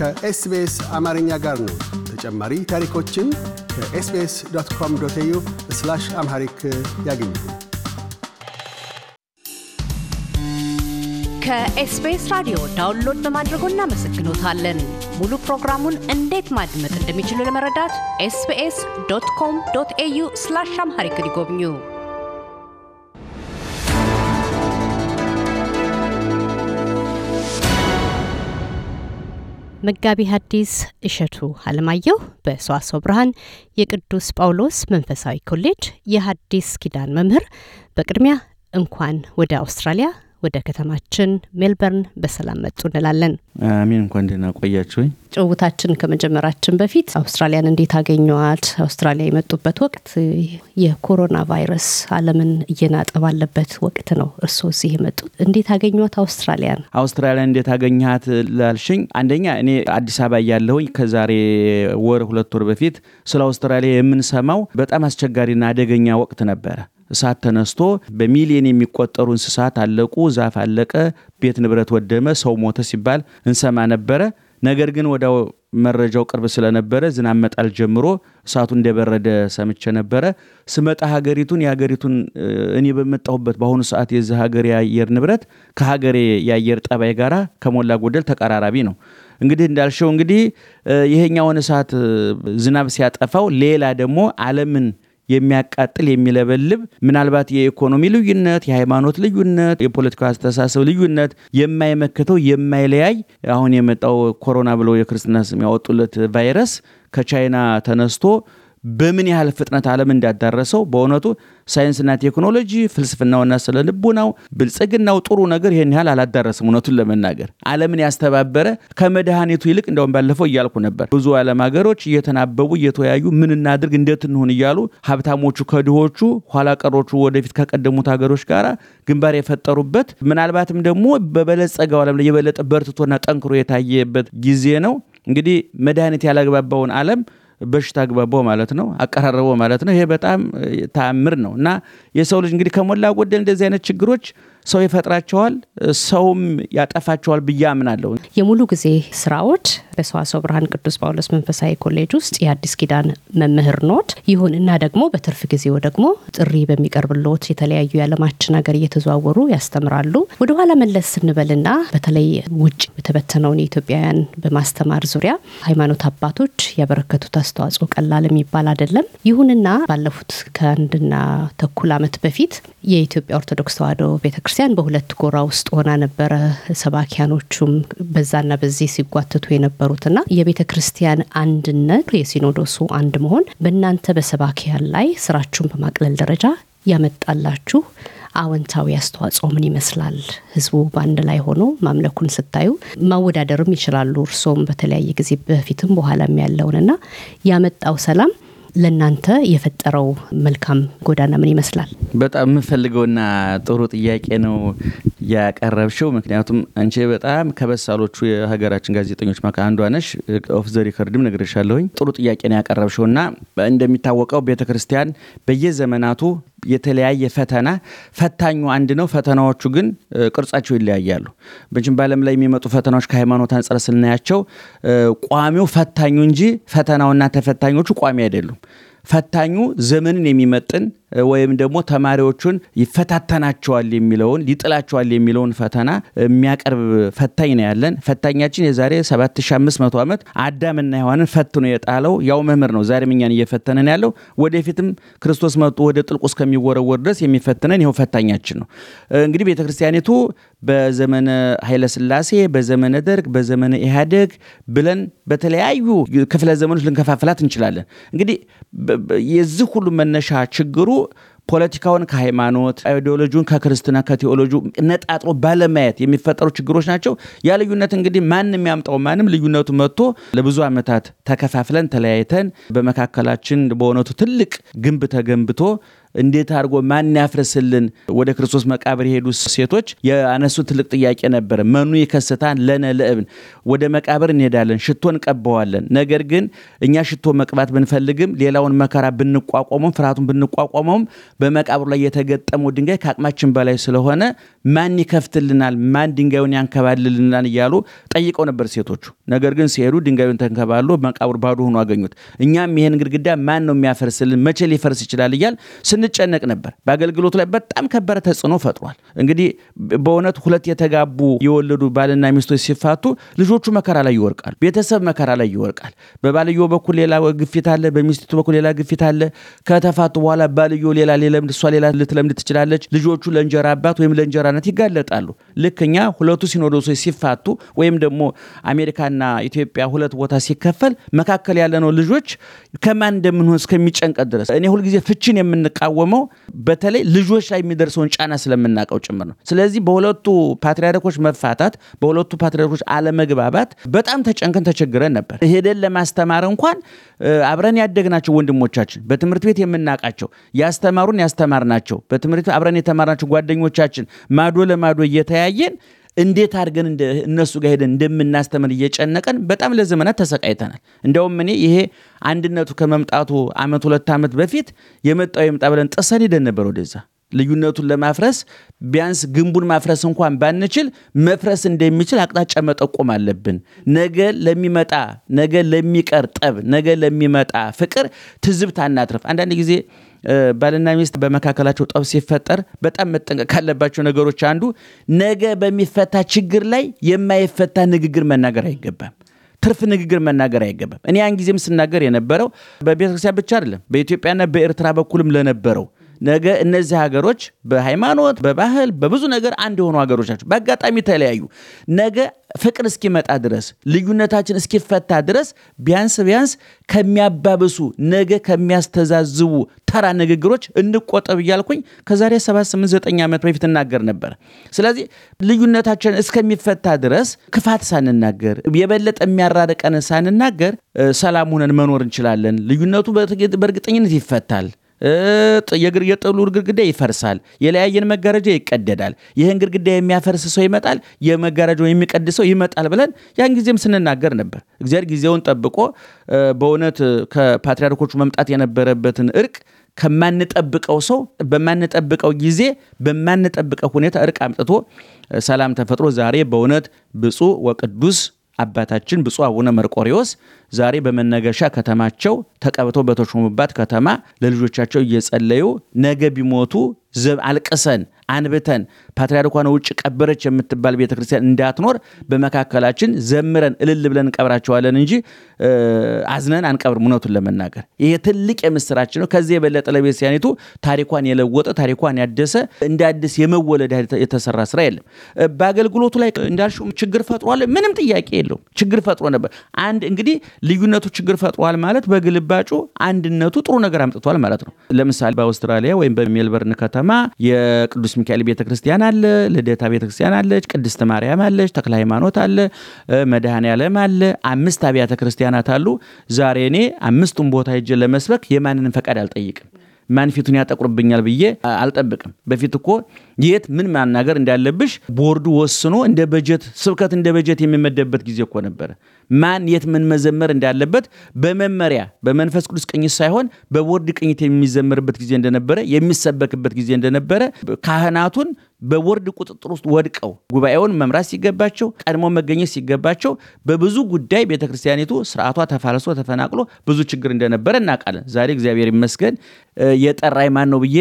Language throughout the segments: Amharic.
ከኤስቢኤስ አማርኛ ጋር ነው። ተጨማሪ ታሪኮችን ከኤስቢኤስ ዶት ኮም ዶት ዩ ስላሽ አምሃሪክ ያገኙ። ከኤስቢኤስ ራዲዮ ዳውንሎድ በማድረጎ እናመሰግኖታለን። ሙሉ ፕሮግራሙን እንዴት ማድመጥ እንደሚችሉ ለመረዳት ኤስቢኤስ ዶት ኮም ዶት ኤዩ ስላሽ አምሃሪክ ይጎብኙ። መጋቢ ሐዲስ እሸቱ አለማየሁ በሰዋሰው ብርሃን የቅዱስ ጳውሎስ መንፈሳዊ ኮሌጅ የሐዲስ ኪዳን መምህር፣ በቅድሚያ እንኳን ወደ አውስትራሊያ ወደ ከተማችን ሜልበርን በሰላም መጡ እንላለን። አሚን። እንኳን ደህና ቆያችሁኝ። ጭውታችን ከመጀመራችን በፊት አውስትራሊያን እንዴት አገኘዋት? አውስትራሊያ የመጡበት ወቅት የኮሮና ቫይረስ ዓለምን እየናጠ ባለበት ወቅት ነው። እርስዎ እዚህ የመጡት እንዴት አገኘት? አውስትራሊያን አውስትራሊያን እንዴት አገኘት ላልሽኝ፣ አንደኛ እኔ አዲስ አበባ እያለሁኝ ከዛሬ ወር ሁለት ወር በፊት ስለ አውስትራሊያ የምንሰማው በጣም አስቸጋሪና አደገኛ ወቅት ነበረ። እሳት ተነስቶ በሚሊዮን የሚቆጠሩ እንስሳት አለቁ፣ ዛፍ አለቀ፣ ቤት ንብረት ወደመ፣ ሰው ሞተ ሲባል እንሰማ ነበረ። ነገር ግን ወደ መረጃው ቅርብ ስለነበረ ዝናብ መጣል ጀምሮ እሳቱ እንደበረደ ሰምቼ ነበረ። ስመጣ ሀገሪቱን የሀገሪቱን እኔ በመጣሁበት በአሁኑ ሰዓት የዚህ ሀገር የአየር ንብረት ከሀገሬ የአየር ጠባይ ጋር ከሞላ ጎደል ተቀራራቢ ነው። እንግዲህ እንዳልሸው እንግዲህ ይሄኛውን እሳት ዝናብ ሲያጠፋው ሌላ ደግሞ ዓለምን የሚያቃጥል የሚለበልብ ምናልባት የኢኮኖሚ ልዩነት፣ የሃይማኖት ልዩነት፣ የፖለቲካ አስተሳሰብ ልዩነት የማይመክተው የማይለያይ አሁን የመጣው ኮሮና ብለው የክርስትና ስም ያወጡለት ቫይረስ ከቻይና ተነስቶ በምን ያህል ፍጥነት ዓለም እንዳዳረሰው በእውነቱ ሳይንስና ቴክኖሎጂ፣ ፍልስፍናውና ስለ ልቡናው፣ ብልጽግናው ጥሩ ነገር ይህን ያህል አላዳረስም። እውነቱን ለመናገር ዓለምን ያስተባበረ ከመድኃኒቱ ይልቅ እንደውም ባለፈው እያልኩ ነበር ብዙ ዓለም ሀገሮች እየተናበቡ እየተወያዩ ምን እናድርግ እንዴት እንሁን እያሉ ሀብታሞቹ ከድሆቹ ኋላ ቀሮቹ ወደፊት ከቀደሙት ሀገሮች ጋር ግንባር የፈጠሩበት ምናልባትም ደግሞ በበለጸገው ዓለም ላይ የበለጠ በርትቶና ጠንክሮ የታየበት ጊዜ ነው። እንግዲህ መድኃኒት ያላግባባውን ዓለም በሽታ አግባቦ ማለት ነው አቀራረቦ ማለት ነው። ይሄ በጣም ተአምር ነው እና የሰው ልጅ እንግዲህ ከሞላ ጎደል እንደዚህ አይነት ችግሮች ሰው ይፈጥራቸዋል፣ ሰውም ያጠፋቸዋል ብዬ አምናለሁ። የሙሉ ጊዜ ስራዎች በሰዋሰው ብርሃን ቅዱስ ጳውሎስ መንፈሳዊ ኮሌጅ ውስጥ የአዲስ ኪዳን መምህር ኖት። ይሁንና ደግሞ በትርፍ ጊዜው ደግሞ ጥሪ በሚቀርብሎት የተለያዩ የዓለማችን ሀገር እየተዘዋወሩ ያስተምራሉ። ወደኋላ መለስ ስንበልና በተለይ ውጭ የተበተነውን የኢትዮጵያውያን በማስተማር ዙሪያ ሃይማኖት አባቶች ያበረከቱት አስተዋጽኦ ቀላል የሚባል አይደለም። ይሁንና ባለፉት ከአንድና ተኩል ዓመት በፊት የኢትዮጵያ ኦርቶዶክስ ተዋሕዶ ቤተክርስቲያን በሁለት ጎራ ውስጥ ሆና ነበረ። ሰባኪያኖቹም በዛና በዚህ ሲጓትቱ የነበ የነበሩትና የቤተ ክርስቲያን አንድነት የሲኖዶሱ አንድ መሆን በእናንተ በሰባኪያን ላይ ስራችሁን በማቅለል ደረጃ ያመጣላችሁ አወንታዊ አስተዋጽኦ ምን ይመስላል? ህዝቡ በአንድ ላይ ሆኖ ማምለኩን ስታዩ ማወዳደርም ይችላሉ። እርስም በተለያየ ጊዜ በፊትም በኋላም ያለውንና ያመጣው ሰላም ለእናንተ የፈጠረው መልካም ጎዳና ምን ይመስላል? በጣም የምፈልገውና ጥሩ ጥያቄ ነው ያቀረብሽው። ምክንያቱም አንቺ በጣም ከበሳሎቹ የሀገራችን ጋዜጠኞች መካ አንዷ ነሽ። ኦፍ ዘ ሪከርድም ነግሬሻለሁኝ። ጥሩ ጥያቄ ነው እና እንደሚታወቀው ቤተክርስቲያን በየዘመናቱ የተለያየ ፈተና ፈታኙ አንድ ነው። ፈተናዎቹ ግን ቅርጻቸው ይለያያሉ። መቼም በዓለም ላይ የሚመጡ ፈተናዎች ከሃይማኖት አንጻር ስናያቸው ቋሚው ፈታኙ እንጂ ፈተናውና ተፈታኞቹ ቋሚ አይደሉም። ፈታኙ ዘመንን የሚመጥን ወይም ደግሞ ተማሪዎቹን ይፈታተናቸዋል የሚለውን ሊጥላቸዋል የሚለውን ፈተና የሚያቀርብ ፈታኝ ነው ያለን። ፈታኛችን የዛሬ 7500 ዓመት አዳምና ሔዋንን ፈትኖ የጣለው ያው መምህር ነው። ዛሬም እኛን እየፈተነን ያለው ወደፊትም ክርስቶስ መጡ ወደ ጥልቁ እስከሚወረወር ድረስ የሚፈትነን ይኸው ፈታኛችን ነው። እንግዲህ ቤተክርስቲያኒቱ በዘመነ ኃይለስላሴ፣ በዘመነ ደርግ፣ በዘመነ ኢህአደግ ብለን በተለያዩ ክፍለ ዘመኖች ልንከፋፍላት እንችላለን። እንግዲህ የዚህ ሁሉ መነሻ ችግሩ ፖለቲካውን ከሃይማኖት አይዲዮሎጂውን ከክርስትና ከቴዎሎጂ ነጣጥሮ ባለማየት የሚፈጠሩ ችግሮች ናቸው። ያ ልዩነት እንግዲህ ማን ያምጣው ማንም ልዩነቱ መጥቶ ለብዙ ዓመታት ተከፋፍለን ተለያይተን በመካከላችን በእውነቱ ትልቅ ግንብ ተገንብቶ እንዴት አድርጎ ማን ያፍርስልን? ወደ ክርስቶስ መቃብር የሄዱ ሴቶች የአነሱ ትልቅ ጥያቄ ነበር መኑ ይከስታን ለነ ለእብን፣ ወደ መቃብር እንሄዳለን፣ ሽቶ እንቀባዋለን። ነገር ግን እኛ ሽቶ መቅባት ብንፈልግም፣ ሌላውን መከራ ብንቋቋመውም፣ ፍርሃቱን ብንቋቋመውም በመቃብሩ ላይ የተገጠመው ድንጋይ ከአቅማችን በላይ ስለሆነ ማን ይከፍትልናል? ማን ድንጋዩን ያንከባልልናል? እያሉ ጠይቀው ነበር ሴቶቹ። ነገር ግን ሲሄዱ ድንጋዩን ተንከባሎ መቃብር ባዶ ሆኖ አገኙት። እኛም ይሄን ግድግዳ ማን ነው የሚያፈርስልን? መቼ ሊፈርስ ይችላል? እያል ስንጨነቅ ነበር። በአገልግሎት ላይ በጣም ከበረ ተጽዕኖ ፈጥሯል። እንግዲህ በእውነት ሁለት የተጋቡ የወለዱ ባልና ሚስቶች ሲፋቱ ልጆቹ መከራ ላይ ይወርቃል፣ ቤተሰብ መከራ ላይ ይወርቃል። በባልዮ በኩል ሌላ ግፊት አለ፣ በሚስቲቱ በኩል ሌላ ግፊት አለ። ከተፋቱ በኋላ ባልዮ ሌላ ሊለምድ፣ እሷ ሌላ ልትለምድ ትችላለች። ልጆቹ ለእንጀራ አባት ወይም ለእንጀራነት ይጋለጣሉ። ልክ እኛ ሁለቱ ሲኖዶሶች ሲፋቱ ወይም ደግሞ አሜሪካና ኢትዮጵያ ሁለት ቦታ ሲከፈል መካከል ያለነው ልጆች ከማን እንደምንሆን እስከሚጨንቀት ድረስ እኔ ሁልጊዜ ፍቺን የምንቃ የምንቃወመው በተለይ ልጆች ላይ የሚደርሰውን ጫና ስለምናውቀው ጭምር ነው። ስለዚህ በሁለቱ ፓትሪያርኮች መፋታት፣ በሁለቱ ፓትሪያርኮች አለመግባባት በጣም ተጨንቀን ተቸግረን ነበር። ሄደን ለማስተማር እንኳን አብረን ያደግናቸው ወንድሞቻችን በትምህርት ቤት የምናውቃቸው ያስተማሩን ያስተማርናቸው በትምህርት ቤት አብረን የተማርናቸው ጓደኞቻችን ማዶ ለማዶ እየተያየን እንዴት አድርገን እነሱ ጋር ሄደን እንደምናስተምር እየጨነቀን በጣም ለዘመናት ተሰቃይተናል። እንደውም እኔ ይሄ አንድነቱ ከመምጣቱ አመት ሁለት ዓመት በፊት የመጣው የምጣ ብለን ጥሰን ሄደን ነበር ወደዛ ልዩነቱን ለማፍረስ ቢያንስ ግንቡን ማፍረስ እንኳን ባንችል መፍረስ እንደሚችል አቅጣጫ መጠቆም አለብን። ነገ ለሚመጣ ነገ ለሚቀር ጠብ፣ ነገ ለሚመጣ ፍቅር ትዝብት አናትርፍ። አንዳንድ ጊዜ ባልና ሚስት በመካከላቸው ጠብ ሲፈጠር በጣም መጠንቀቅ ካለባቸው ነገሮች አንዱ ነገ በሚፈታ ችግር ላይ የማይፈታ ንግግር መናገር አይገባም። ትርፍ ንግግር መናገር አይገባም። እኔ ያን ጊዜም ስናገር የነበረው በቤተክርስቲያን ብቻ አይደለም፣ በኢትዮጵያና በኤርትራ በኩልም ለነበረው ነገ እነዚህ ሀገሮች በሃይማኖት በባህል በብዙ ነገር አንድ የሆኑ ሀገሮች ናቸው። በአጋጣሚ ተለያዩ። ነገ ፍቅር እስኪመጣ ድረስ ልዩነታችን እስኪፈታ ድረስ ቢያንስ ቢያንስ ከሚያባብሱ ነገ ከሚያስተዛዝቡ ተራ ንግግሮች እንቆጠብ እያልኩኝ ከዛሬ 789 ዓመት በፊት እናገር ነበር። ስለዚህ ልዩነታችን እስከሚፈታ ድረስ ክፋት ሳንናገር የበለጠ የሚያራርቀን ሳንናገር ሰላም ሆነን መኖር እንችላለን። ልዩነቱ በእርግጠኝነት ይፈታል። የጥሉ ግድግዳ ይፈርሳል። የለያየን መጋረጃ ይቀደዳል። ይህን ግድግዳ የሚያፈርስ ሰው ይመጣል፣ የመጋረጃው ሰው ይመጣል ብለን ያን ጊዜም ስንናገር ነበር። እግዚአብሔር ጊዜውን ጠብቆ በእውነት ከፓትሪያርኮቹ መምጣት የነበረበትን እርቅ ከማንጠብቀው ሰው በማንጠብቀው ጊዜ በማንጠብቀው ሁኔታ እርቅ አምጥቶ ሰላም ተፈጥሮ ዛሬ በእውነት ብፁዕ ወቅዱስ አባታችን ብፁዕ አቡነ መርቆሪዎስ ዛሬ በመነገሻ ከተማቸው ተቀብተው በተሾሙባት ከተማ ለልጆቻቸው እየጸለዩ ነገ ቢሞቱ ዝብ አልቅሰን አንብተን ፓትርያርኳን ውጭ ቀበረች የምትባል ቤተክርስቲያን እንዳትኖር በመካከላችን ዘምረን እልል ብለን እንቀብራቸዋለን እንጂ አዝነን አንቀብርም። እውነቱን ለመናገር ይሄ ትልቅ የምስራች ነው። ከዚህ የበለጠ ለቤተክርስቲያኒቱ ታሪኳን የለወጠ ታሪኳን ያደሰ እንደ አዲስ የመወለድ የተሰራ ስራ የለም። በአገልግሎቱ ላይ እንዳልሽው ችግር ፈጥሯል፣ ምንም ጥያቄ የለው ችግር ፈጥሮ ነበር። አንድ እንግዲህ ልዩነቱ ችግር ፈጥሯል ማለት በግልባጩ አንድነቱ ጥሩ ነገር አምጥቷል ማለት ነው። ለምሳሌ በአውስትራሊያ ወይም በሜልበርን ከተማ ከተማ የቅዱስ ሚካኤል ቤተክርስቲያን አለ፣ ልደታ ቤተክርስቲያን አለች፣ ቅድስት ማርያም አለች፣ ተክለ ሃይማኖት አለ፣ መድኃኔ ዓለም አለ። አምስት አብያተ ክርስቲያናት አሉ። ዛሬ እኔ አምስቱን ቦታ ሄጄ ለመስበክ የማንንም ፈቃድ አልጠይቅም። ማን ፊቱን ያጠቁርብኛል ብዬ አልጠብቅም። በፊት እኮ የት ምን ማናገር እንዳለብሽ ቦርዱ ወስኖ እንደ በጀት ስብከት እንደ በጀት የሚመደብበት ጊዜ እኮ ነበረ። ማን የት ምን መዘመር እንዳለበት በመመሪያ በመንፈስ ቅዱስ ቅኝት ሳይሆን በቦርድ ቅኝት የሚዘመርበት ጊዜ እንደነበረ የሚሰበክበት ጊዜ እንደነበረ ካህናቱን በቦርድ ቁጥጥር ውስጥ ወድቀው ጉባኤውን መምራት ሲገባቸው ቀድሞ መገኘት ሲገባቸው በብዙ ጉዳይ ቤተክርስቲያኒቱ ስርዓቷ ተፋልሶ ተፈናቅሎ ብዙ ችግር እንደነበረ እናውቃለን። ዛሬ እግዚአብሔር ይመስገን የጠራይ ማን ነው ብዬ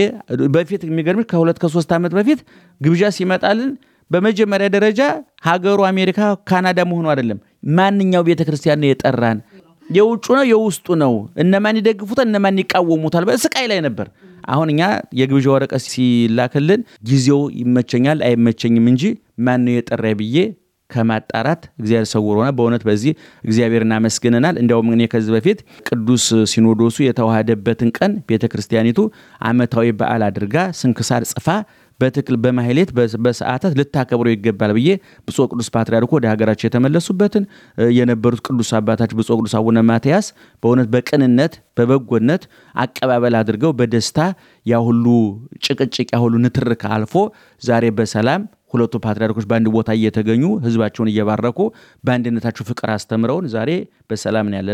በፊት የሚገርምሽ ከሁለት ከሶስት ዓመት በፊት ግብዣ ሲመጣልን በመጀመሪያ ደረጃ ሀገሩ አሜሪካ ካናዳ መሆኑ አይደለም። ማንኛው ቤተክርስቲያን ነው የጠራን? የውጩ ነው የውስጡ ነው? እነማን ይደግፉታል? እነማን ይቃወሙታል? በስቃይ ላይ ነበር። አሁን እኛ የግብዣ ወረቀት ሲላክልን ጊዜው ይመቸኛል አይመቸኝም እንጂ ማን ነው የጠራ ብዬ ከማጣራት እግዚአብሔር ሰውር ሆነ። በእውነት በዚህ እግዚአብሔር እናመስግነናል። እንዲያውም እኔ ከዚህ በፊት ቅዱስ ሲኖዶሱ የተዋሃደበትን ቀን ቤተ ክርስቲያኒቱ ዓመታዊ በዓል አድርጋ ስንክሳር ጽፋ በትክል በማህሌት በሰዓታት ልታከብሮ ይገባል ብዬ ብፁዕ ቅዱስ ፓትርያርኩ ወደ ሀገራቸው የተመለሱበትን የነበሩት ቅዱስ አባታች ብፁዕ ቅዱስ አቡነ ማትያስ በእውነት በቅንነት በበጎነት አቀባበል አድርገው በደስታ ያሁሉ ሁሉ ጭቅጭቅ ያሁሉ ንትርክ አልፎ ዛሬ በሰላም ሁለቱ ፓትሪያርኮች በአንድ ቦታ እየተገኙ ህዝባቸውን እየባረኩ በአንድነታቸው ፍቅር አስተምረውን ዛሬ በሰላም ነው ያለ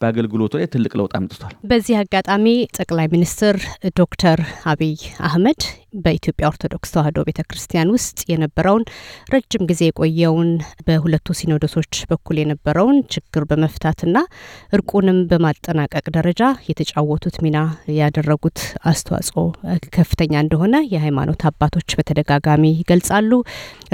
በአገልግሎቱ ላይ ትልቅ ለውጥ አምጥቷል። በዚህ አጋጣሚ ጠቅላይ ሚኒስትር ዶክተር አብይ አህመድ በኢትዮጵያ ኦርቶዶክስ ተዋሕዶ ቤተ ክርስቲያን ውስጥ የነበረውን ረጅም ጊዜ የቆየውን በሁለቱ ሲኖዶሶች በኩል የነበረውን ችግር በመፍታትና እርቁንም በማጠናቀቅ ደረጃ ደረጃ የተጫወቱት ሚና ያደረጉት አስተዋጽኦ ከፍተኛ እንደሆነ የሃይማኖት አባቶች በተደጋጋሚ ይገልጻሉ።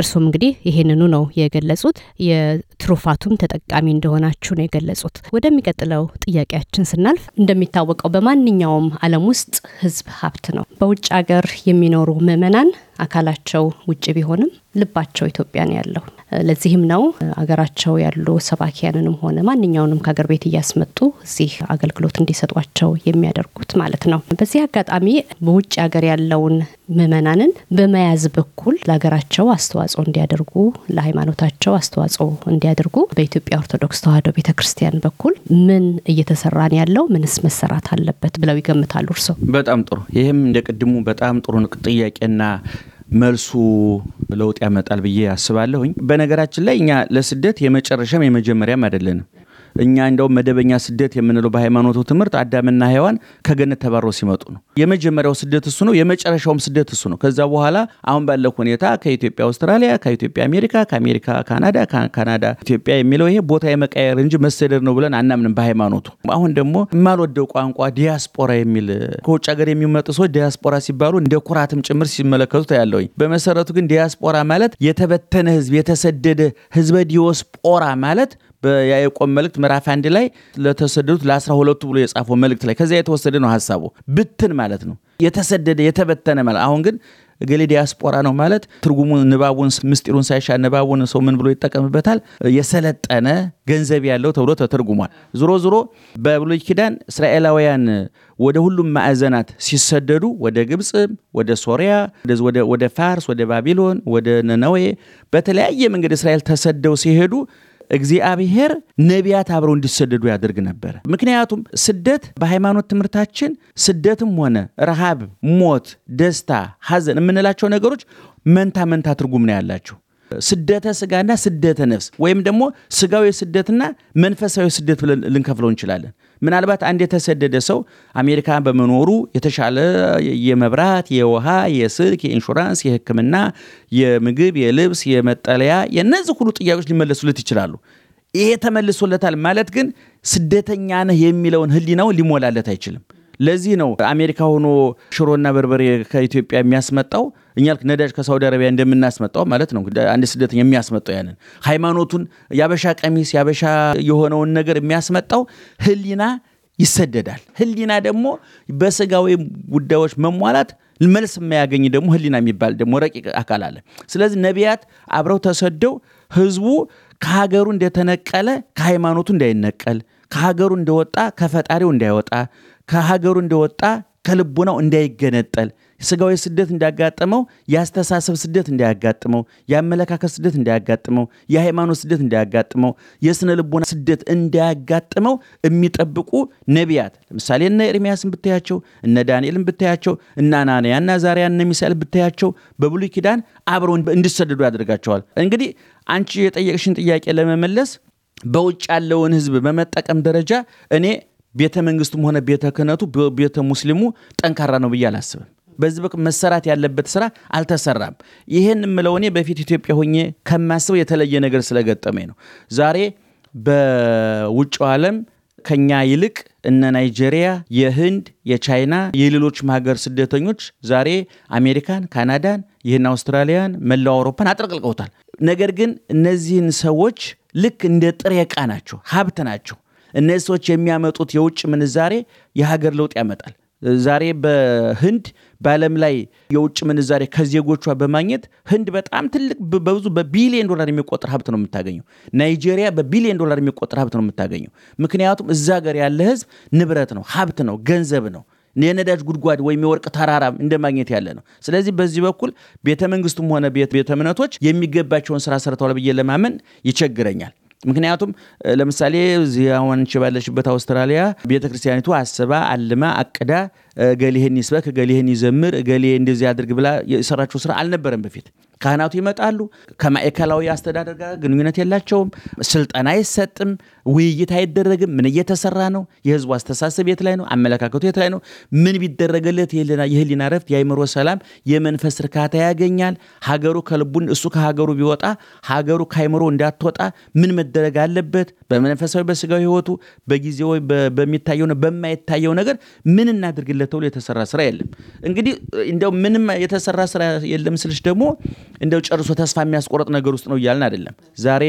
እርሱም እንግዲህ ይህንኑ ነው የገለጹት። የትሩፋቱም ተጠቃሚ እንደሆናችሁ ነው የገለጹት። ወደሚቀጥለው ጥያቄያችን ስናልፍ እንደሚታወቀው በማንኛውም ዓለም ውስጥ ህዝብ ሀብት ነው። በውጭ ሀገር የሚኖሩ ምዕመናን አካላቸው ውጭ ቢሆንም ልባቸው ኢትዮጵያን ያለው። ለዚህም ነው አገራቸው ያሉ ሰባኪያንንም ሆነ ማንኛውንም ከአገር ቤት እያስመጡ እዚህ አገልግሎት እንዲሰጧቸው የሚያደርጉት ማለት ነው። በዚህ አጋጣሚ በውጭ ሀገር ያለውን ምእመናንን በመያዝ በኩል ለሀገራቸው አስተዋጽኦ እንዲያደርጉ ለሃይማኖታቸው አስተዋጽኦ እንዲያደርጉ በኢትዮጵያ ኦርቶዶክስ ተዋህዶ ቤተ ክርስቲያን በኩል ምን እየተሰራን ያለው ምንስ መሰራት አለበት ብለው ይገምታሉ? እርሶ በጣም ጥሩ። ይህም እንደ ቅድሙ በጣም ጥሩ ጥያቄና መልሱ ለውጥ ያመጣል ብዬ አስባለሁኝ። በነገራችን ላይ እኛ ለስደት የመጨረሻም የመጀመሪያም አይደለንም። እኛ እንደውም መደበኛ ስደት የምንለው በሃይማኖቱ ትምህርት አዳምና ሔዋን ከገነት ተባረው ሲመጡ ነው። የመጀመሪያው ስደት እሱ ነው። የመጨረሻውም ስደት እሱ ነው። ከዛ በኋላ አሁን ባለው ሁኔታ ከኢትዮጵያ አውስትራሊያ፣ ከኢትዮጵያ አሜሪካ፣ ከአሜሪካ ካናዳ፣ ካናዳ ኢትዮጵያ የሚለው ይሄ ቦታ የመቀየር እንጂ መሰደድ ነው ብለን አናምንም በሃይማኖቱ። አሁን ደግሞ የማልወደው ቋንቋ ዲያስፖራ የሚል ከውጭ ሀገር የሚመጡ ሰዎች ዲያስፖራ ሲባሉ እንደ ኩራትም ጭምር ሲመለከቱት ያለውኝ። በመሰረቱ ግን ዲያስፖራ ማለት የተበተነ ህዝብ የተሰደደ ህዝበ ዲዮስፖራ ማለት በያዕቆብ መልእክት ምዕራፍ አንድ ላይ ለተሰደዱት ለአስራ ሁለቱ ብሎ የጻፈው መልእክት ላይ ከዚያ የተወሰደ ነው ሀሳቡ። ብትን ማለት ነው የተሰደደ የተበተነ ማለት። አሁን ግን እገሌ ዲያስፖራ ነው ማለት ትርጉሙ ንባቡን ምስጢሩን ሳይሻ ንባቡን ሰው ምን ብሎ ይጠቀምበታል? የሰለጠነ ገንዘብ ያለው ተብሎ ተተርጉሟል። ዝሮ ዝሮ በብሉይ ኪዳን እስራኤላውያን ወደ ሁሉም ማዕዘናት ሲሰደዱ ወደ ግብፅ፣ ወደ ሶሪያ፣ ወደ ፋርስ፣ ወደ ባቢሎን፣ ወደ ነነዌ በተለያየ መንገድ እስራኤል ተሰደው ሲሄዱ እግዚአብሔር ነቢያት አብረው እንዲሰደዱ ያደርግ ነበር። ምክንያቱም ስደት በሃይማኖት ትምህርታችን ስደትም ሆነ ረሃብ፣ ሞት፣ ደስታ፣ ሐዘን የምንላቸው ነገሮች መንታ መንታ ትርጉም ነው ያላቸው። ስደተ ስጋና ስደተ ነፍስ ወይም ደግሞ ስጋዊ ስደትና መንፈሳዊ ስደት ብለን ልንከፍለው እንችላለን። ምናልባት አንድ የተሰደደ ሰው አሜሪካ በመኖሩ የተሻለ የመብራት፣ የውሃ፣ የስልክ፣ የኢንሹራንስ፣ የሕክምና፣ የምግብ፣ የልብስ፣ የመጠለያ የእነዚህ ሁሉ ጥያቄዎች ሊመለሱለት ይችላሉ። ይሄ ተመልሶለታል ማለት ግን ስደተኛ ነህ የሚለውን ሕሊናውን ሊሞላለት አይችልም። ለዚህ ነው አሜሪካ ሆኖ ሽሮና በርበሬ ከኢትዮጵያ የሚያስመጣው እኛ ልክ ነዳጅ ከሳውዲ አረቢያ እንደምናስመጣው ማለት ነው። አንድ ስደተኛ የሚያስመጣው ያንን ሃይማኖቱን፣ ያበሻ ቀሚስ፣ ያበሻ የሆነውን ነገር የሚያስመጣው ህሊና ይሰደዳል። ህሊና ደግሞ በስጋዊ ጉዳዮች መሟላት መልስ የማያገኝ ደግሞ ህሊና የሚባል ደግሞ ረቂቅ አካል አለ። ስለዚህ ነቢያት አብረው ተሰደው ህዝቡ ከሀገሩ እንደተነቀለ ከሃይማኖቱ እንዳይነቀል ከሀገሩ እንደወጣ ከፈጣሪው እንዳይወጣ ከሀገሩ እንደወጣ ከልቡናው እንዳይገነጠል ስጋዊ ስደት እንዳያጋጥመው የአስተሳሰብ ስደት እንዳያጋጥመው የአመለካከት ስደት እንዳያጋጥመው የሃይማኖት ስደት እንዳያጋጥመው የስነ ልቦና ስደት እንዳያጋጥመው የሚጠብቁ ነቢያት ለምሳሌ እነ ኤርሚያስን ብታያቸው እነ ዳንኤልን ብታያቸው እነ አናንያ እና ዛሪያ እነ ሚሳኤል ብታያቸው በብሉይ ኪዳን አብረው እንዲሰደዱ ያደርጋቸዋል እንግዲህ አንቺ የጠየቅሽን ጥያቄ ለመመለስ በውጭ ያለውን ህዝብ በመጠቀም ደረጃ እኔ ቤተ መንግስቱም ሆነ ቤተ ክህነቱ ቤተ ሙስሊሙ ጠንካራ ነው ብዬ አላስብም። በዚህ በቅ መሰራት ያለበት ስራ አልተሰራም። ይህን የምለው እኔ በፊት ኢትዮጵያ ሆኜ ከማስበው የተለየ ነገር ስለገጠመኝ ነው። ዛሬ በውጭው ዓለም ከኛ ይልቅ እነ ናይጄሪያ፣ የህንድ፣ የቻይና የሌሎችም ሀገር ስደተኞች ዛሬ አሜሪካን፣ ካናዳን፣ ይህን አውስትራሊያን፣ መላው አውሮፓን አጥለቅልቀውታል። ነገር ግን እነዚህን ሰዎች ልክ እንደ ጥሬ ዕቃ ናቸው፣ ሀብት ናቸው። እነዚህ ሰዎች የሚያመጡት የውጭ ምንዛሬ የሀገር ለውጥ ያመጣል። ዛሬ በህንድ በዓለም ላይ የውጭ ምንዛሬ ከዜጎቿ በማግኘት ህንድ በጣም ትልቅ በብዙ በቢሊዮን ዶላር የሚቆጠር ሀብት ነው የምታገኘው። ናይጄሪያ በቢሊዮን ዶላር የሚቆጠር ሀብት ነው የምታገኘው። ምክንያቱም እዛ ሀገር ያለ ህዝብ ንብረት ነው፣ ሀብት ነው፣ ገንዘብ ነው። የነዳጅ ጉድጓድ ወይም የወርቅ ተራራ እንደ ማግኘት ያለ ነው። ስለዚህ በዚህ በኩል ቤተ መንግስቱም ሆነ ቤተ እምነቶች የሚገባቸውን ስራ ሰርተዋል ብዬ ለማመን ይቸግረኛል። ምክንያቱም ለምሳሌ እዚህ አሁን ባለሽበት አውስትራሊያ ቤተክርስቲያኒቱ አስባ አልማ አቅዳ እገሌህን ይስበክ፣ እገሌህን ይዘምር፣ እገሌ እንደዚህ አድርግ ብላ የሰራችው ስራ አልነበረም በፊት ካህናቱ ይመጣሉ። ከማዕከላዊ አስተዳደር ጋር ግንኙነት የላቸውም። ስልጠና አይሰጥም። ውይይት አይደረግም። ምን እየተሰራ ነው? የህዝቡ አስተሳሰብ የት ላይ ነው? አመለካከቱ የት ላይ ነው? ምን ቢደረግለት የህሊና ረፍት፣ የአይምሮ ሰላም፣ የመንፈስ እርካታ ያገኛል? ሀገሩ ከልቡን እሱ ከሀገሩ ቢወጣ ሀገሩ ከአይምሮ እንዳትወጣ ምን መደረግ አለበት? በመንፈሳዊ በስጋዊ ህይወቱ በጊዜ በሚታየው በማይታየው ነገር ምን እናድርግለት ተብሎ የተሰራ ስራ የለም። እንግዲህ እንደው ምንም የተሰራ ስራ የለም ስልሽ ደግሞ እንደው ጨርሶ ተስፋ የሚያስቆረጥ ነገር ውስጥ ነው እያልን አይደለም። ዛሬ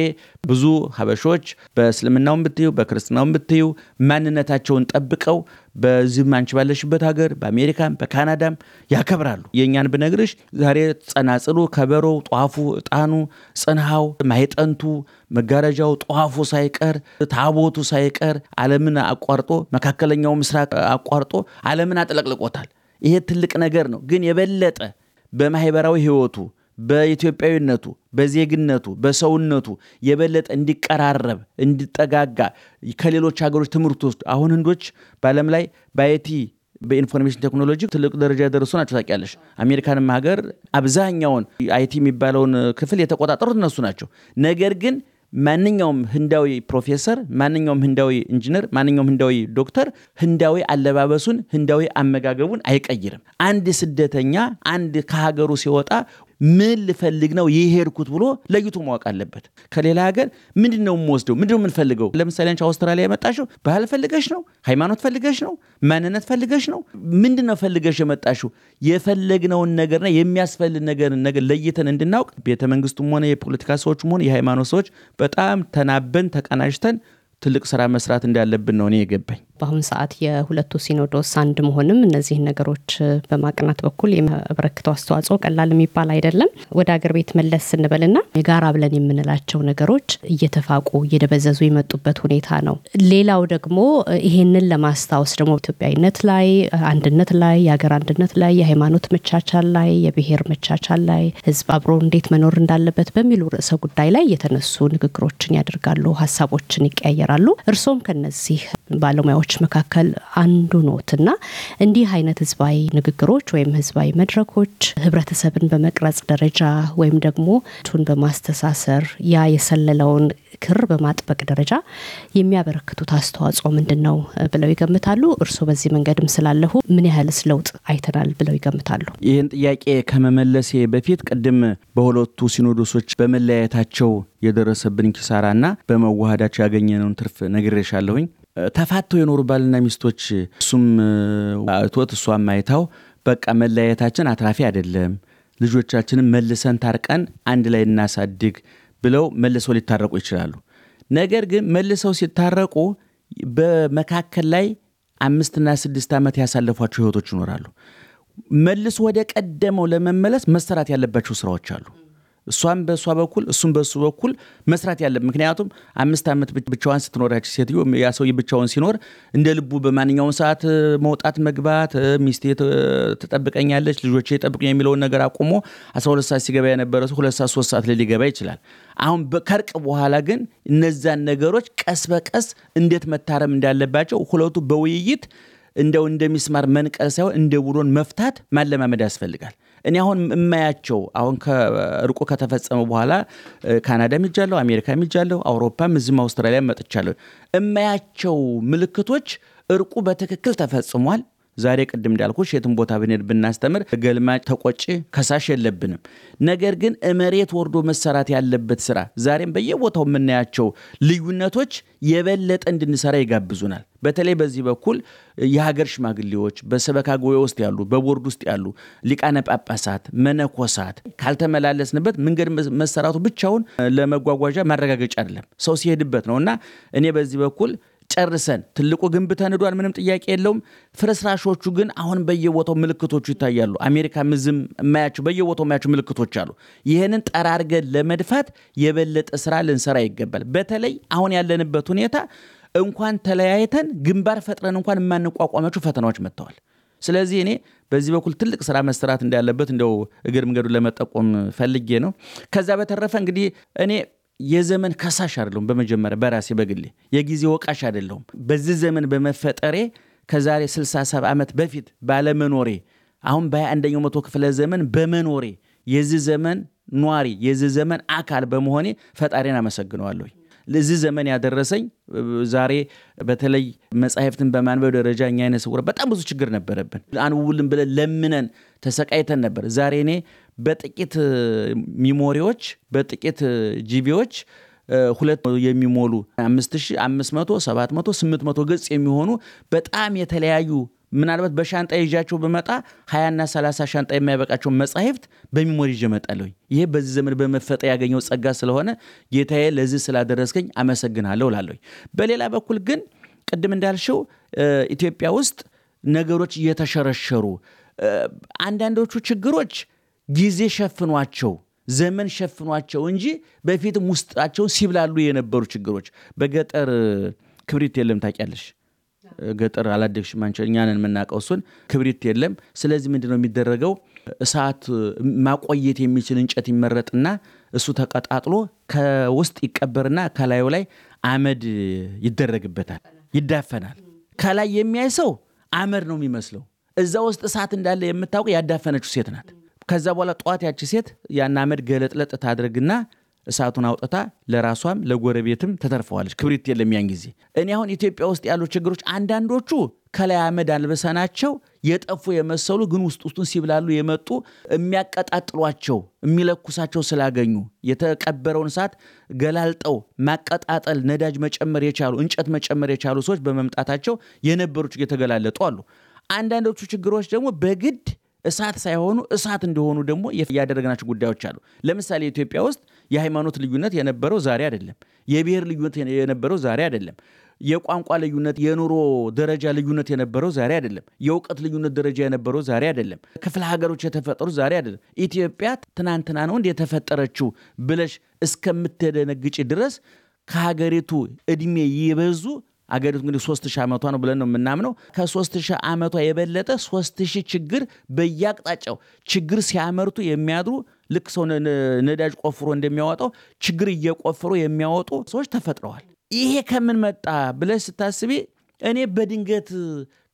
ብዙ ሀበሾች በእስልምናውም ብትዩ በክርስትናውም ብትዩ ማንነታቸውን ጠብቀው በዚህም አንቺ ባለሽበት ሀገር በአሜሪካም በካናዳም ያከብራሉ። የእኛን ብነግርሽ ዛሬ ጸናጽሉ፣ ከበሮው፣ ጧፉ፣ እጣኑ፣ ጽንሃው፣ ማይጠንቱ፣ መጋረጃው፣ ጧፉ ሳይቀር ታቦቱ ሳይቀር ዓለምን አቋርጦ መካከለኛው ምስራቅ አቋርጦ ዓለምን አጥለቅልቆታል። ይሄ ትልቅ ነገር ነው። ግን የበለጠ በማህበራዊ ህይወቱ በኢትዮጵያዊነቱ በዜግነቱ በሰውነቱ የበለጠ እንዲቀራረብ እንዲጠጋጋ ከሌሎች ሀገሮች ትምህርት ውስጥ አሁን ህንዶች በዓለም ላይ በአይቲ በኢንፎርሜሽን ቴክኖሎጂ ትልቅ ደረጃ የደረሱ ናቸው። ታውቂያለሽ፣ አሜሪካንም ሀገር አብዛኛውን አይቲ የሚባለውን ክፍል የተቆጣጠሩት እነሱ ናቸው። ነገር ግን ማንኛውም ህንዳዊ ፕሮፌሰር፣ ማንኛውም ህንዳዊ ኢንጂነር፣ ማንኛውም ህንዳዊ ዶክተር ህንዳዊ አለባበሱን፣ ህንዳዊ አመጋገቡን አይቀይርም። አንድ ስደተኛ አንድ ከሀገሩ ሲወጣ ምን ልፈልግ ነው የሄድኩት ብሎ ለይቶ ማወቅ አለበት። ከሌላ ሀገር ምንድን ነው የምወስደው? ምንድን ነው የምንፈልገው? ለምሳሌ አንቺ አውስትራሊያ የመጣሽው ባህል ፈልገሽ ነው? ሃይማኖት ፈልገሽ ነው? ማንነት ፈልገሽ ነው? ምንድን ነው ፈልገሽ የመጣሽው? የፈለግነውን ነገርና የሚያስፈልግ ነገር ነገር ለይተን እንድናውቅ ቤተ መንግስቱም ሆነ የፖለቲካ ሰዎችም ሆነ የሃይማኖት ሰዎች በጣም ተናበን ተቀናጅተን ትልቅ ስራ መስራት እንዳለብን ነው እኔ የገባኝ። በአሁኑ ሰዓት የሁለቱ ሲኖዶስ አንድ መሆንም እነዚህን ነገሮች በማቅናት በኩል የሚያበረክተው አስተዋጽኦ ቀላል የሚባል አይደለም። ወደ አገር ቤት መለስ ስንበልና የጋራ ብለን የምንላቸው ነገሮች እየተፋቁ እየደበዘዙ የመጡበት ሁኔታ ነው። ሌላው ደግሞ ይሄንን ለማስታወስ ደግሞ ኢትዮጵያዊነት ላይ አንድነት ላይ የሀገር አንድነት ላይ የሃይማኖት መቻቻል ላይ የብሔር መቻቻል ላይ ህዝብ አብሮ እንዴት መኖር እንዳለበት በሚሉ ርዕሰ ጉዳይ ላይ የተነሱ ንግግሮችን ያደርጋሉ፣ ሀሳቦችን ይቀያየራሉ። እርሶም ከነዚህ ባለሙያዎች መድረኮች መካከል አንዱ እና እንዲህ አይነት ህዝባዊ ንግግሮች ወይም ህዝባዊ መድረኮች ህብረተሰብን በመቅረጽ ደረጃ ወይም ደግሞ ቱን በማስተሳሰር ያ የሰለለውን ክር በማጥበቅ ደረጃ የሚያበረክቱት አስተዋጽኦ ምንድን ነው ብለው ይገምታሉ? እርስዎ በዚህ መንገድም ስላለፉ ምን ያህልስ ለውጥ አይተናል ብለው ይገምታሉ? ይህን ጥያቄ ከመመለሴ በፊት ቅድም በሁለቱ ሲኖዶሶች በመለያየታቸው የደረሰብን ኪሳራና በመዋሃዳቸው ያገኘነውን ትርፍ ነግሬሻለሁኝ። ተፋተው የኖሩ ባልና ሚስቶች እሱም አይቶት እሷም አይታው በቃ መለያየታችን አትራፊ አይደለም፣ ልጆቻችንን መልሰን ታርቀን አንድ ላይ እናሳድግ ብለው መልሰው ሊታረቁ ይችላሉ። ነገር ግን መልሰው ሲታረቁ በመካከል ላይ አምስትና ስድስት ዓመት ያሳለፏቸው ህይወቶች ይኖራሉ። መልሶ ወደ ቀደመው ለመመለስ መሰራት ያለባቸው ስራዎች አሉ። እሷን በእሷ በኩል እሱን በእሱ በኩል መስራት ያለ ምክንያቱም አምስት ዓመት ብቻዋን ስትኖራች ሴትዮ ያ ሰውዬ ብቻውን ሲኖር እንደ ልቡ በማንኛውም ሰዓት መውጣት መግባት፣ ሚስቴ ትጠብቀኛለች፣ ልጆች ይጠብቁኝ የሚለውን ነገር አቁሞ 12 ሰዓት ሲገባ የነበረ ሰው ሁለት ሰዓት ሶስት ሰዓት ላይ ሊገባ ይችላል። አሁን ከርቅ በኋላ ግን እነዛን ነገሮች ቀስ በቀስ እንዴት መታረም እንዳለባቸው ሁለቱ በውይይት እንደው እንደሚስማር መንቀል ሳይሆን እንደ ውሎን መፍታት ማለማመድ ያስፈልጋል። እኔ አሁን የማያቸው አሁን ከእርቁ ከተፈጸመ በኋላ ካናዳ ሚጃለሁ፣ አሜሪካ ሚጃለሁ፣ አውሮፓ ምዝም አውስትራሊያ መጥቻለሁ። የማያቸው ምልክቶች እርቁ በትክክል ተፈጽሟል ዛሬ ቅድም እንዳልኩሽ የትም ቦታ ብንሄድ ብናስተምር ገልማጭ ተቆጭ ከሳሽ የለብንም። ነገር ግን መሬት ወርዶ መሰራት ያለበት ስራ ዛሬም በየቦታው የምናያቸው ልዩነቶች የበለጠ እንድንሰራ ይጋብዙናል። በተለይ በዚህ በኩል የሀገር ሽማግሌዎች በሰበካ ጉባኤ ውስጥ ያሉ፣ በቦርድ ውስጥ ያሉ ሊቃነ ጳጳሳት፣ መነኮሳት ካልተመላለስንበት መንገድ መሰራቱ ብቻውን ለመጓጓዣ ማረጋገጫ አይደለም፣ ሰው ሲሄድበት ነው እና እኔ በዚህ በኩል ጨርሰን ትልቁ ግንብ ተንዷል። ምንም ጥያቄ የለውም። ፍርስራሾቹ ግን አሁን በየቦታው ምልክቶቹ ይታያሉ። አሜሪካ ምዝም የማያቸው በየቦታው የማያቸው ምልክቶች አሉ። ይህንን ጠራርገን ለመድፋት የበለጠ ስራ ልንሰራ ይገባል። በተለይ አሁን ያለንበት ሁኔታ እንኳን ተለያይተን ግንባር ፈጥረን እንኳን የማንቋቋማቸው ፈተናዎች መጥተዋል። ስለዚህ እኔ በዚህ በኩል ትልቅ ስራ መሰራት እንዳለበት እንደው እግር መንገዱ ለመጠቆም ፈልጌ ነው። ከዛ በተረፈ እንግዲህ እኔ የዘመን ከሳሽ አይደለሁም። በመጀመሪያ በራሴ በግሌ የጊዜ ወቃሽ አይደለሁም። በዚህ ዘመን በመፈጠሬ ከዛሬ 67 ዓመት በፊት ባለመኖሬ አሁን በ21ኛው መቶ ክፍለ ዘመን በመኖሬ የዚህ ዘመን ኗሪ የዚህ ዘመን አካል በመሆኔ ፈጣሪን አመሰግነዋለሁ። ለዚህ ዘመን ያደረሰኝ ዛሬ በተለይ መጽሐፍትን በማንበብ ደረጃ እኛ አይነ ስውራን በጣም ብዙ ችግር ነበረብን። አንውልን ብለን ለምነን ተሰቃይተን ነበር። ዛሬ እኔ በጥቂት ሚሞሪዎች በጥቂት ጂቢዎች ሁለት የሚሞሉ አምስት ሺህ አምስት መቶ ሰባት መቶ ስምንት መቶ ገጽ የሚሆኑ በጣም የተለያዩ ምናልባት በሻንጣ ይዣቸው በመጣ ሀያና ሰላሳ ሻንጣ የማይበቃቸው መጻሕፍት በሚሞሪ ይዤ እመጣለሁ። ይሄ በዚህ ዘመን በመፈጠ ያገኘው ጸጋ ስለሆነ ጌታዬ ለዚህ ስላደረስከኝ አመሰግናለሁ እላለሁ። በሌላ በኩል ግን ቅድም እንዳልሽው ኢትዮጵያ ውስጥ ነገሮች እየተሸረሸሩ አንዳንዶቹ ችግሮች ጊዜ ሸፍኗቸው ዘመን ሸፍኗቸው እንጂ በፊትም ውስጣቸውን ሲብላሉ የነበሩ ችግሮች በገጠር ክብሪት የለም ታውቂያለሽ። ገጠር አላደግሽም አንቺ እኛን የምናውቀው እሱን ክብሪት የለም። ስለዚህ ምንድን ነው የሚደረገው? እሳት ማቆየት የሚችል እንጨት ይመረጥና እሱ ተቀጣጥሎ ከውስጥ ይቀበርና ከላዩ ላይ አመድ ይደረግበታል፣ ይዳፈናል። ከላይ የሚያይ ሰው አመድ ነው የሚመስለው። እዛ ውስጥ እሳት እንዳለ የምታውቅ ያዳፈነችው ሴት ናት። ከዛ በኋላ ጠዋት ያቺ ሴት ያን አመድ ገለጥለጥ ታድርግና እሳቱን አውጥታ ለራሷም ለጎረቤትም ተተርፈዋለች። ክብሪት የለም ያን ጊዜ። እኔ አሁን ኢትዮጵያ ውስጥ ያሉ ችግሮች አንዳንዶቹ ከላይ አመድ አልበሰናቸው የጠፉ የመሰሉ ግን ውስጥ ውስጡን ሲብላሉ የመጡ የሚያቀጣጥሏቸው የሚለኩሳቸው ስላገኙ የተቀበረውን እሳት ገላልጠው ማቀጣጠል፣ ነዳጅ መጨመር የቻሉ እንጨት መጨመር የቻሉ ሰዎች በመምጣታቸው የነበሩ የተገላለጡ አሉ። አንዳንዶቹ ችግሮች ደግሞ በግድ እሳት ሳይሆኑ እሳት እንደሆኑ ደግሞ ያደረግናቸው ጉዳዮች አሉ። ለምሳሌ ኢትዮጵያ ውስጥ የሃይማኖት ልዩነት የነበረው ዛሬ አይደለም። የብሔር ልዩነት የነበረው ዛሬ አይደለም። የቋንቋ ልዩነት፣ የኑሮ ደረጃ ልዩነት የነበረው ዛሬ አይደለም። የእውቀት ልዩነት ደረጃ የነበረው ዛሬ አይደለም። ክፍለ ሀገሮች የተፈጠሩ ዛሬ አይደለም። ኢትዮጵያ ትናንትና ነው እንደ የተፈጠረችው ብለሽ እስከምትደነግጭ ድረስ ከሀገሪቱ እድሜ ይበዙ አገሪቱ እንግዲህ ሶስት ዓመቷ ነው ብለን ነው የምናምነው። ከ ሺህ ዓመቷ የበለጠ ሶስት ሺህ ችግር በየአቅጣጫው ችግር ሲያመርቱ የሚያድሩ ልክ ሰው ነዳጅ ቆፍሮ እንደሚያወጣው ችግር እየቆፍሮ የሚያወጡ ሰዎች ተፈጥረዋል። ይሄ ከምን መጣ ብለሽ ስታስቢ እኔ በድንገት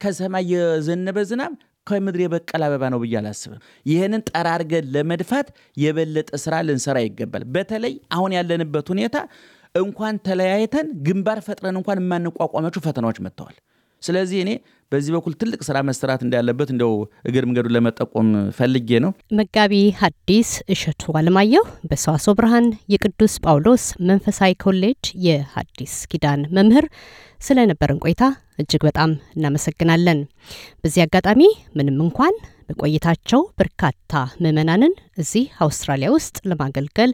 ከሰማይ የዘነበ ዝናብ ከምድር የበቀለ አበባ ነው ብዬ አላስብም። ይህንን ጠራርገን ለመድፋት የበለጠ ስራ ልንሰራ ይገባል። በተለይ አሁን ያለንበት ሁኔታ እንኳን ተለያይተን ግንባር ፈጥረን እንኳን የማንቋቋማቸው ፈተናዎች መጥተዋል። ስለዚህ እኔ በዚህ በኩል ትልቅ ስራ መሰራት እንዳለበት እንደው እግር መንገዱ ለመጠቆም ፈልጌ ነው። መጋቢ ሐዲስ እሸቱ አለማየሁ በሰዋስወ ብርሃን የቅዱስ ጳውሎስ መንፈሳዊ ኮሌጅ የሐዲስ ኪዳን መምህር ስለነበረን ቆይታ እጅግ በጣም እናመሰግናለን። በዚህ አጋጣሚ ምንም እንኳን በቆይታቸው በርካታ ምዕመናንን እዚህ አውስትራሊያ ውስጥ ለማገልገል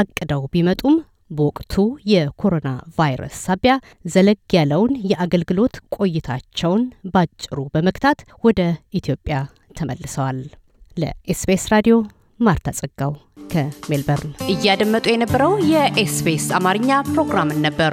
አቅደው ቢመጡም በወቅቱ የኮሮና ቫይረስ ሳቢያ ዘለግ ያለውን የአገልግሎት ቆይታቸውን ባጭሩ በመግታት ወደ ኢትዮጵያ ተመልሰዋል። ለኤስቢኤስ ራዲዮ ማርታ ጸጋው ከሜልበርን። እያደመጡ የነበረው የኤስቢኤስ አማርኛ ፕሮግራምን ነበር።